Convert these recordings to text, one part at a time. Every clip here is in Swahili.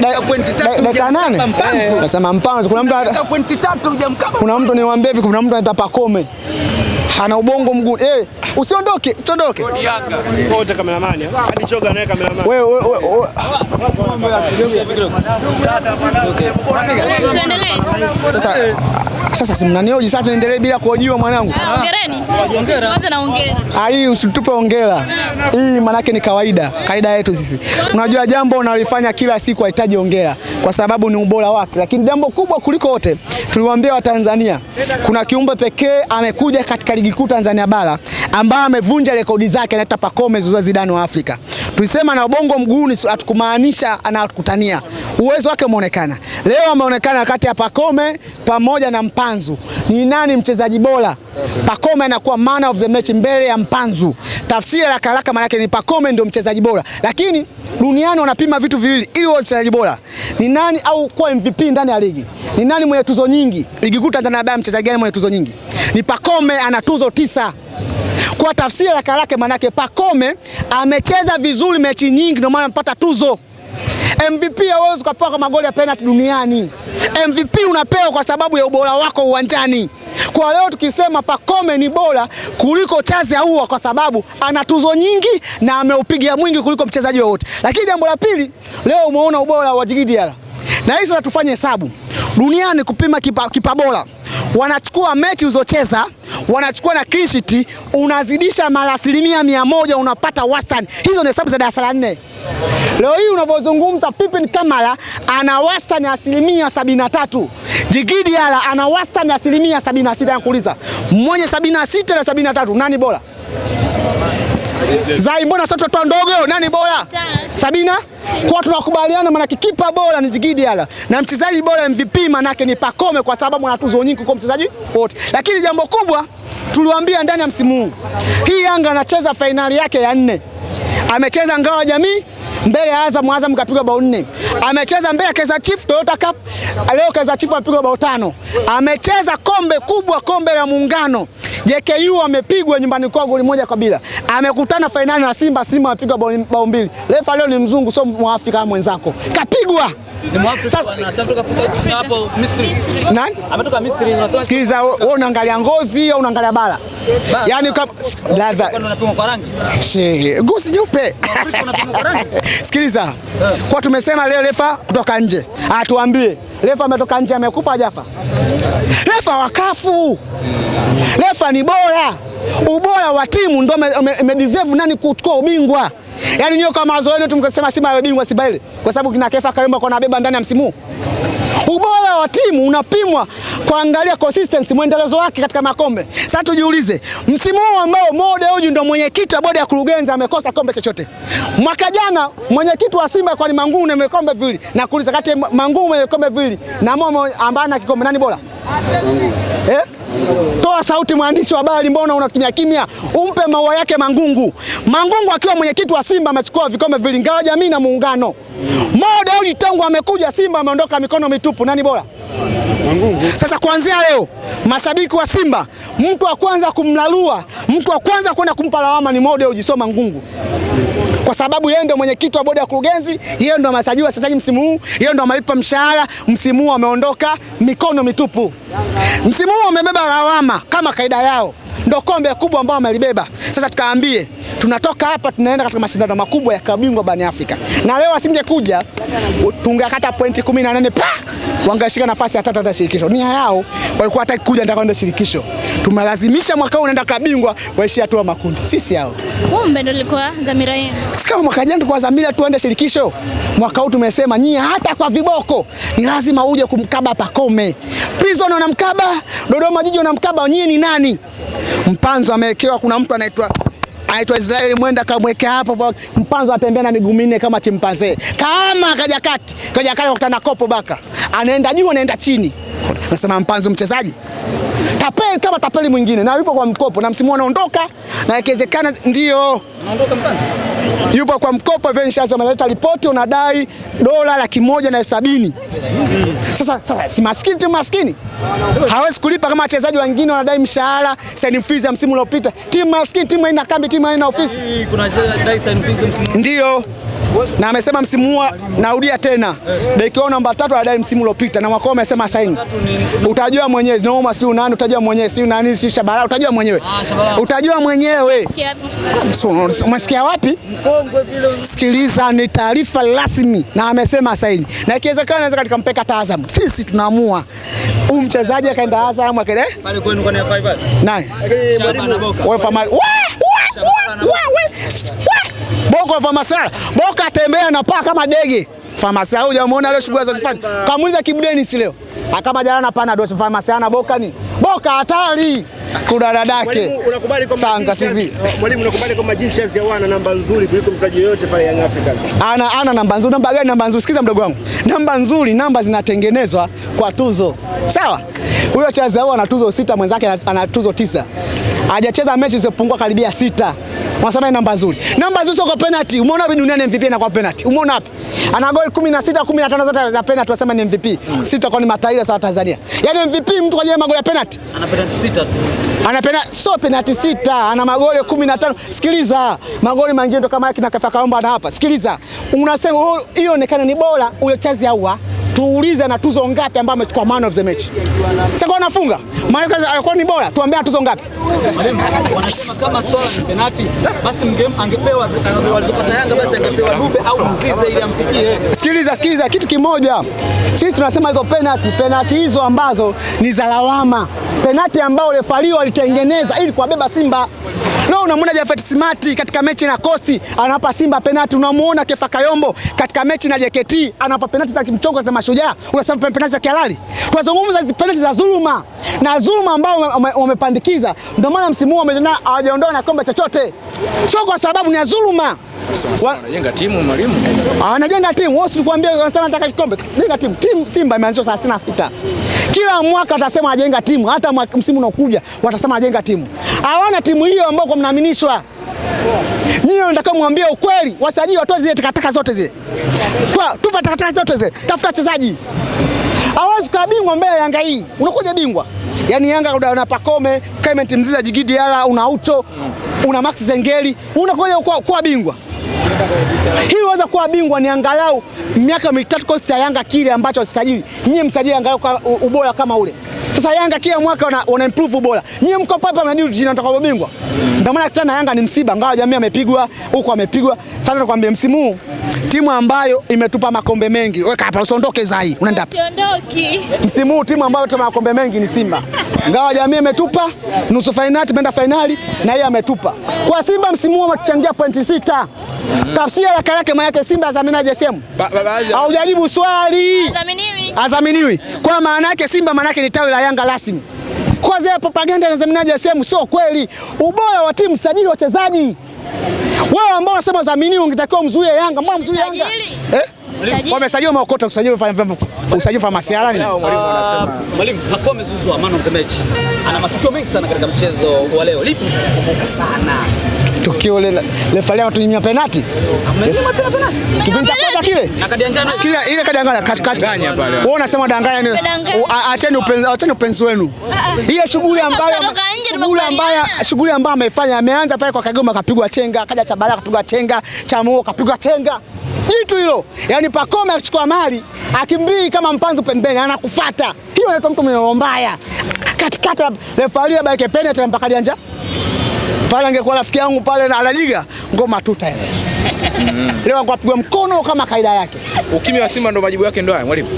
dakika nane nasema mpanzo. Kuna mtu niwaambia hivi, kuna mtu anaitwa Pakome ana ubongo mguu. Eh, usiondoke, usiondoke. Wote eh. Hadi choga Wewe wewe. Tuendelee. Sasa sasa simnanioji sasa, tuendelee bila kuojiwa mwanangu. Ah, hongereni. Hongera. Kwanza naongera. Ah, hii usitupe hongera. Hii maana yake ni kawaida, kaida yetu sisi. Unajua jambo unalifanya kila siku hahitaji hongera kwa sababu ni ubora wako. lakini jambo kubwa kuliko wote tuliwaambia Watanzania, kuna kiumbe pekee amekuja katika ligi kuu Tanzania bara ambaye amevunja rekodi zake, na anaitwa Pacome Zouzoua Zidane wa Afrika. Tulisema na ubongo mguuni, atukumaanisha anakutania. Uwezo wake umeonekana leo, ameonekana kati ya Pacome Pacome pamoja na Mpanzu, ni nani mchezaji bora? Pacome anakuwa man of the match mbele ya Mpanzu. Tafsiri haraka haraka, maana yake ni Pacome ndio mchezaji bora, lakini duniani wanapima vitu viwili ili uwe mchezaji bora ni nani au kuwa MVP ndani ya ligi ni nani mwenye tuzo nyingi. Ligi kuu Tanzania Bara, mchezaji gani mwenye tuzo nyingi? Ni Pacome, ana tuzo tisa. Kwa tafsiri haraka haraka, maana yake Pacome amecheza vizuri mechi nyingi, ndio maana amepata tuzo. MVP hawezi kupewa kwa magoli ya penalty duniani. MVP unapewa kwa sababu ya ubora wako uwanjani. Kwa leo tukisema Pacome ni bora kuliko Chazi Ahoua kwa sababu ana tuzo nyingi na ameupigia mwingi kuliko mchezaji wowote. Lakini jambo la pili, leo umeona ubora wa Djigui Diarra. Na hii sasa tufanye hesabu duniani kupima kipa, kipa bora. Wanachukua mechi ulizocheza, wanachukua na clean sheet, unazidisha mara asilimia mia moja, unapata wastani. Hizo ni hesabu za darasa la nne. Leo hii unavyozungumza Pipin Kamara ana wastani asilimia sabini na tatu. Jigidi Ala ana wastani asilimia sabini na sita. Nakuuliza, mmoja sabini na sita na sabini na tatu, nani bora? Zai, mbona sasa tutatoa ndogo? Nani bora? Sabina. Kwa tunakubaliana maana kikipa bora ni Jigidi ala na mchezaji bora MVP maana yake ni Pakome kwa sababu ana tuzo nyingi kwa mchezaji wote. Lakini jambo kubwa tuliwaambia ndani ya msimu huu. Hii Yanga anacheza fainali yake ya nne. Amecheza ngao ya jamii, mbele ya Azam. Azam kapigwa bao nne, amecheza mbele ya Kaizer Chiefs Toyota Cup. Leo Kaizer Chiefs amepigwa bao tano. Amecheza kombe kubwa, kombe la Muungano, JKU amepigwa nyumbani kwao goli moja kwa bila. Amekutana fainali na Simba, Simba amepigwa bao mbili. Refa leo ni mzungu, sio mwafrika mwenzako, kapigwa Sikiliza, wewe unaangalia ngozi au unaangalia bara? Yaani ngozi nyeupe. Sikiliza, kwa tumesema leo refa kutoka nje, atuambie ah, refa ametoka nje, amekufa hajafa? Refa wakafu, refa ni bora. Ubora wa timu ndio umedeserve nani kuchukua ubingwa. Yaani nio kama zoezi tumkasema Simba bingwa Simba ile kwa sababu kina Kefa Karimba kwa nabeba ndani ya msimu huu. Ubora wa timu unapimwa kuangalia consistency, mwendelezo wake katika makombe. Sasa tujiulize, msimu huu ambao Mo Dewji ndio mwenyekiti wa bodi ya kurugenzi amekosa kombe chochote. Mwaka jana mwenyekiti wa Simba kwa ni Mangungu na kombe viwili, na kuuliza kati ya Mangungu mwenye kombe viwili na Mo ambaye ana kikombe nani bora? Eh? Toa sauti mwandishi wa habari, mbona una kimya kimya? Umpe maua yake Mangungu. Mangungu akiwa mwenyekiti wa Simba amechukua vikombe viwili, ngawa jamii na muungano Mo Dewji tangu amekuja Simba ameondoka mikono mitupu. Nani bora? Sasa kuanzia leo mashabiki wa Simba, mtu wa kwanza kumlalua, mtu wa kwanza kwenda kumpa lawama ni Mo Dewji, sio Mangungu, kwa sababu yeye ndio mwenyekiti wa bodi ya kurugenzi, yeye ndio amesajiliwa wachezaji msimu huu, yeye ndio amelipa mshahara msimu huu, ameondoka mikono mitupu. Msimu huu amebeba lawama kama kaida yao ndo kombe kubwa ambao amelibeba. Sasa tukaambie tunatoka hapa tunaenda katika mashindano makubwa ya kabingwa barani Afrika, na leo asingekuja tungekata pointi 18 pa wangashika nafasi ya tatu hata shirikisho. Nia yao walikuwa hataki kuja ndio kwenda shirikisho. Tumelazimisha mwaka huu naenda klabu bingwa waishi wa makundi. Sisi hao. Kumbe ndio ilikuwa dhamira yenu. Sika mwaka jana tulikuwa dhamira tuende shirikisho. Mwaka huu tumesema nyie hata kwa viboko ni lazima uje kumkaba Pakome. Prison wanamkaba, Dodoma Jiji wanamkaba, nyie ni nani? Mpanzo amewekewa kuna mtu anaitwa anaitwa Israeli Mwenda, kamweke hapo mpanzo, atembea na miguu minne kama chimpanzee, kama kajakati kati kaja kati, akutana kopo baka, anaenda juu anaenda chini. Nasema mpanzo mchezaji tapeli kama tapeli mwingine, na yupo kwa mkopo na msimu anaondoka, na ikiwezekana ndio anaondoka Mpanzu, yupo kwa mkopo ameleta ripoti, unadai dola laki moja na sabini. Sasa, sasa si maskini timu maskini hawezi kulipa kama wachezaji wengine wanadai mshahara sign fees ya msimu uliopita. Timu maskini, timu haina kambi, timu haina ofisi, kuna fees msimu ndio na amesema msimu huu narudia tena beki wao namba tatu anadai msimu uliopita, na mwaka amesema saini, utajua mwenyewe noma, si nani, utajua mwenyewe si nani, si Shabalala, utajua mwenyewe, ah, utajua mwenyewe. Umesikia wapi? Sikiliza, ni taarifa rasmi, na amesema saini, na ikiwezekana anaweza katika mpeka Azam. Sisi tunaamua huyu mchezaji akaenda Azam akede nani wewe Boko famasara Boka atembea na paa kama dege. Famasara hujamuona leo shughuli azozifanya. Kamuuliza kibudeni si leo. Akama jana na pana dosi famasara Boka ni. Boka hatari. Kuna dadake. Sanga TV. Oh, mwalimu unakubali kwamba jinsi ya wana namba nzuri kuliko mtaji yote pale Young Africans. Ana ana namba nzuri, namba gani namba nzuri? Sikiza mdogo wangu. Namba nzuri, namba zinatengenezwa kwa tuzo. Sawa? Huyo chazi ana tuzo sita, mwenzake ana tuzo tisa hajacheza mechi zisizopungua karibia sita. Wanasema ni namba nzuri, namba nzuri, sio kwa penalty. Umeona wapi duniani MVP na kwa penalty? Umeona wapi? Ana goal 16 15 zote za penalty, wanasema ni MVP. Sita kwa ni mataifa sawa Tanzania. Yaani MVP mtu kwa jamaa magoli ya penalty. Ana penalty sita tu. Ana penalty sio penalty sita, ana magoli 15. Sikiliza. Magoli mengine kama yake na kafa kaomba na hapa. Sikiliza. Unasema oh, hiyo oh, inaonekana ni bora ule chazi au tuulize na tuzo ngapi ambayo amechukua man of the match. Sasa kwa anafunga maana alikuwa ni bora, tuambie na tuzo ngapi? Wanasema kama swala ni penalty, basi mgame angepewa walizopata Yanga, basi angepewa Dube au Mzize ili amfikie. Sikiliza, sikiliza kitu kimoja, sisi tunasema hizo penalty, penalty hizo ambazo ni za lawama, penalty ambayo refari walitengeneza ili kuwabeba Simba Leo unamwona Jafet Smart katika mechi na kosti anawapa Simba penati unamwona Kefa Kayombo katika mechi na JKT anawapa penati za kimchongo za Mashujaa, unasema penalti za kihalali. Tunazungumza hizi penati za dhuluma na dhuluma ambao wamepandikiza, ndio maana msimu huu hawajaondoa na kombe chochote, sio kwa sababu ni ya dhuluma. Wanajenga timu mwalimu, ah, wanajenga timu wao, sikuambia wanasema nataka kikombe, jenga timu. Timu Simba imeanzishwa saa 66 kila mwaka watasema wajenga timu, hata msimu unaokuja watasema wajenga timu. Hawana timu hiyo ambayo kwa mnaaminishwa Nyinyi nataka mwambie ukweli, wasajili watoe zile takataka zote zile, tupa takataka zote zile, tafuta wachezaji. Hawezi kuwa bingwa mbele Yanga hii, unakuja bingwa yaani Yanga una Pakome, Clement Mziza, Jigidi Yala, una Aucho, una Max Zengeli, unakuja kuwa bingwa hii waweza kuwa bingwa ni angalau miaka mitatu kosi ya Yanga kile ambacho wasisajili. Nyie msajili angalau ubora kama ule. Sasa Yanga kila mwaka wana, wana improve ubora. Nyie mko papa mnajua tunataka ubingwa. Ndio maana kutana na Yanga ni msiba, ngawa jamii amepigwa huko, amepigwa sasa. Nakwambia msimu huu timu ambayo imetupa makombe mengi, weka hapa, usiondoke zai, unaenda usiondoke. Msimu huu timu ambayo imetupa makombe mengi ni Simba, ngawa jamii ametupa nusu fainali, tumeenda fainali na yeye ametupa. Kwa Simba msimu huu wametuchangia pointi sita. Mhm. Tafsiri ya kalake maana yake Simba aje sehemu. Haujaribu swali. azaminiwi Azaminiwi. Kwa maana yake Simba maana yake ni tawi la Yanga rasmi kwa zile propaganda na zaminaji ya sehemu sio kweli. Ubora wa timu sajili wachezaji. Wewe ambao unasema dhamini, ungetakiwa mzuie Yanga, mbona mzuie Yanga eh? wamesajiliwa maokota kusajiliwa usajili famasi halali. Mwalimu hakuwa ah, amezuzwa man of the match, ana matukio mengi sana katika mchezo wa leo, lipi mtakumbuka sana? Tukio ile refa anatunyimia penalti kipindi cha kwanza kile, sikia ile kadi angana katikati. Wewe unasema danganya ni Acheni upenzi, acheni upenzi wenu. Ah, ah. Ile shughuli ambayo shughuli ambayo shughuli ambayo ameifanya, ameanza pale kwa Kagoma, kapigwa chenga, akaja cha baraka kapigwa chenga, cha muo, kapigwa chenga jitu hilo, yaani Pakome akichukua mali akimbii kama mpanzu pembeni, anakufata hiyo inaitwa mtu mwenye roho mbaya. Katikata refari labda yake penalty mpaka janja pale, angekuwa rafiki yangu pale na anajiga ngoma tuta ile leo, angewapigwa mkono kama kaida yake. Ukimya wa Simba ndo majibu yake ndo haya mwalimu.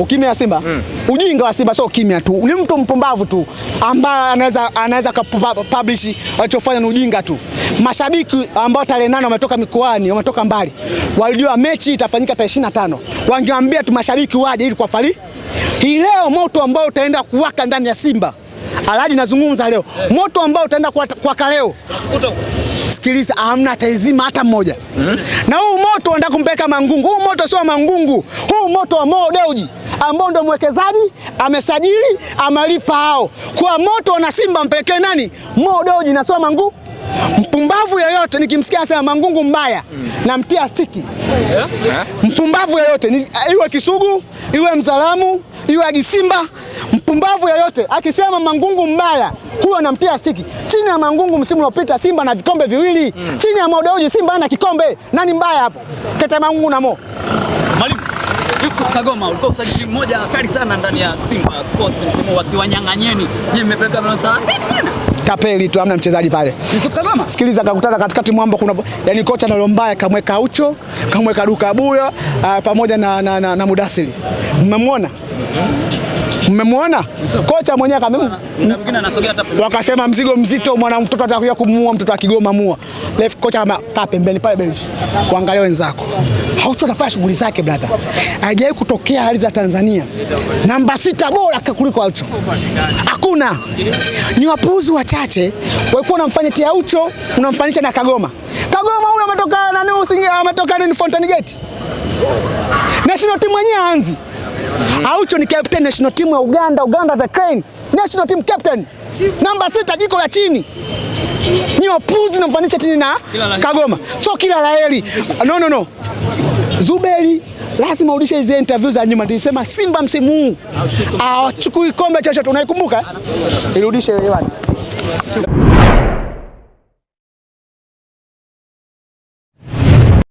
Ukimya wa Simba mm. Ujinga wa Simba sio kimya tu, ni mtu mpumbavu tu ambaye anaweza anaweza publish alichofanya ni ujinga tu. Mashabiki ambao tarehe nane wametoka mikoani, wametoka mbali, walijua mechi itafanyika tarehe 25, wangewaambia tu mashabiki waje ili kuwafariji. Hii leo moto ambao utaenda kuwaka ndani ya Simba Alaji, nazungumza leo, moto ambao utaenda kuwaka leo, sikiliza, hamna ataizima hata mmoja mm -hmm. na huu moto unataka kumpeleka Mangungu. Huu moto sio Mangungu, huu moto wa Mo Dewji ambao ndio mwekezaji amesajili amalipa hao. Kwa moto na Simba mpelekee nani? Mo Dewji nasoma nguu Mpumbavu yoyote nikimsikia asema Mangungu mbaya mm, namtia stiki yeah. Mpumbavu yoyote iwe Kisugu iwe Mzalamu iwe Agisimba, mpumbavu yoyote akisema Mangungu mbaya, huyo namtia stiki. Chini ya Mangungu msimu uliopita Simba na vikombe viwili mm. Chini ya Mo Dewji Simba ana kikombe. Nani mbaya hapo, kete Mangungu na Mo? Yusuf Kagoma ulikuwa usajili mmoja hatari sana ndani ya Simba Sports msimu wakiwanyang'anyeni, nyinyi mmepeleka milioni yaani 30 kapeli tu, amna mchezaji pale. Yusuf Kagoma, sikiliza, kakutana katikati mwamba, kuna yani kocha na lombaya kamweka ucho kamweka Duka Buya ah, pamoja na, na, na, na Mudasiri, mmemwona Mmemwona kocha mwenyewe wakasema mzigo mzito, mwana mtoto atakuja kumuua mtoto akigoma Kigoma, mua left. Kocha kama kaa pembeni pale bench, kuangalia wenzako, haucho nafanya shughuli zake. Brother, haijawahi kutokea hali za Tanzania namba sita bora kuliko Aucho, hakuna. Ni wapuuzi wachache walikuwa wanamfanya tia Aucho, unamfanisha na Kagoma. Kagoma huyo ametoka nani? Ametoka nini? Fountain Gate, national team yenyewe anzi Aucho ni captain national team ya Uganda, Uganda the Crane national team captain namba sita, jiko la chini nyiwapuzi namfanisha chini na Kagoma, so kila laheri. No, no, no. Zuberi lazima urudishe hizo interview za nyuma. Nilisema Simba msimu huu awachukui kombe cha unaikumbuka? Irudishe hewani.